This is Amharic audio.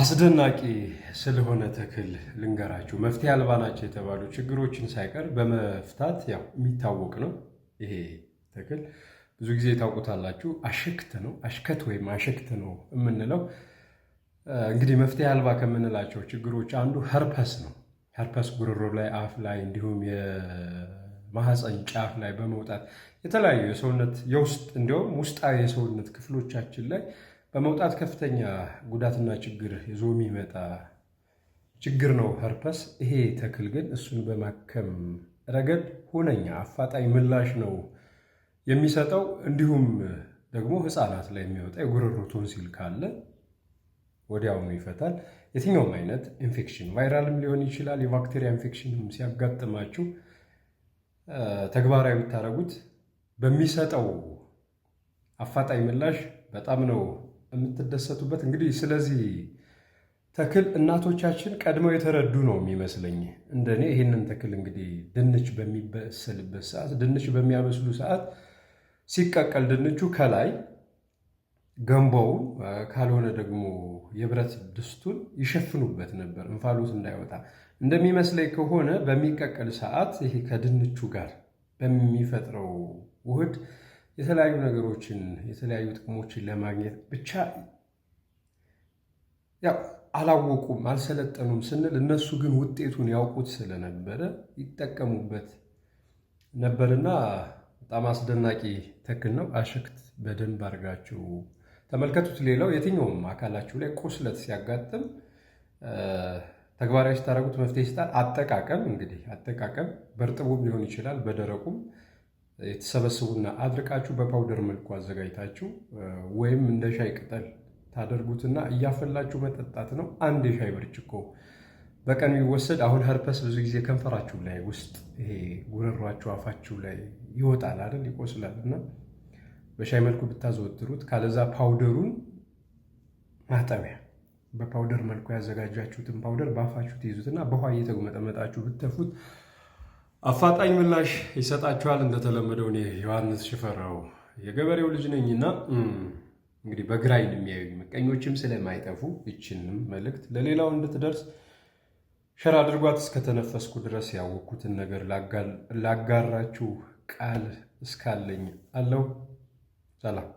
አስደናቂ ስለሆነ ተክል ልንገራችሁ። መፍትሄ አልባ ናቸው የተባሉ ችግሮችን ሳይቀር በመፍታት ያው የሚታወቅ ነው። ይሄ ተክል ብዙ ጊዜ ታውቁታላችሁ። አሽክት ነው፣ አሽከት ወይም አሽክት ነው የምንለው። እንግዲህ መፍትሄ አልባ ከምንላቸው ችግሮች አንዱ ሀርፐስ ነው። ሀርፐስ ጉሮሮ ላይ፣ አፍ ላይ እንዲሁም የማህፀን ጫፍ ላይ በመውጣት የተለያዩ የሰውነት የውስጥ እንዲሁም ውስጣዊ የሰውነት ክፍሎቻችን ላይ በመውጣት ከፍተኛ ጉዳትና ችግር ይዞ የሚመጣ ችግር ነው ኸርፐስ። ይሄ ተክል ግን እሱን በማከም ረገድ ሁነኛ አፋጣኝ ምላሽ ነው የሚሰጠው። እንዲሁም ደግሞ ህፃናት ላይ የሚወጣ የጉሮሮ ቶንሲል ካለ ወዲያውኑ ይፈታል። የትኛውም አይነት ኢንፌክሽን ቫይራልም ሊሆን ይችላል። የባክቴሪያ ኢንፌክሽንም ሲያጋጥማችሁ ተግባራዊ ብታደርጉት በሚሰጠው አፋጣኝ ምላሽ በጣም ነው የምትደሰቱበት እንግዲህ ስለዚህ ተክል እናቶቻችን ቀድመው የተረዱ ነው የሚመስለኝ። እንደኔ ይህንን ተክል እንግዲህ ድንች በሚበሰልበት ሰዓት ድንች በሚያበስሉ ሰዓት ሲቀቀል ድንቹ ከላይ ገንቦውን ካልሆነ ደግሞ የብረት ድስቱን ይሸፍኑበት ነበር እንፋሎት እንዳይወጣ። እንደሚመስለኝ ከሆነ በሚቀቀል ሰዓት ይሄ ከድንቹ ጋር በሚፈጥረው ውህድ የተለያዩ ነገሮችን የተለያዩ ጥቅሞችን ለማግኘት ብቻ ያው አላወቁም፣ አልሰለጠኑም ስንል እነሱ ግን ውጤቱን ያውቁት ስለነበረ ይጠቀሙበት ነበርና በጣም አስደናቂ ተክል ነው። አሽክት በደንብ አድርጋችሁ ተመልከቱት። ሌላው የትኛውም አካላችሁ ላይ ቁስለት ሲያጋጥም ተግባራዊ ስታደርጉት መፍትሄ ይሰጣል። አጠቃቀም እንግዲህ አጠቃቀም በእርጥቡም ሊሆን ይችላል በደረቁም የተሰበስቡና አድርቃችሁ በፓውደር መልኩ አዘጋጅታችሁ ወይም እንደ ሻይ ቅጠል ታደርጉትና እያፈላችሁ መጠጣት ነው። አንድ የሻይ ብርጭቆ በቀን የሚወሰድ አሁን ሀርፐስ ብዙ ጊዜ ከንፈራችሁ ላይ ውስጥ ይሄ ጉረሯችሁ አፋችሁ ላይ ይወጣል አይደል? ይቆስላል እና በሻይ መልኩ ብታዘወትሩት፣ ካለዛ ፓውደሩን ማጠቢያ በፓውደር መልኩ ያዘጋጃችሁትን ፓውደር በአፋችሁ ትይዙትና በውሃ እየተጉመጠመጣችሁ ብተፉት አፋጣኝ ምላሽ ይሰጣችኋል። እንደተለመደው እኔ ዮሐንስ ሽፈራው የገበሬው ልጅ ነኝና እንግዲህ በግራይ የሚያዩ ምቀኞችም ስለማይጠፉ ይችንም መልእክት ለሌላው እንድትደርስ ሸር አድርጓት። እስከተነፈስኩ ድረስ ያወቅኩትን ነገር ላጋራችሁ ቃል እስካለኝ አለው። ሰላም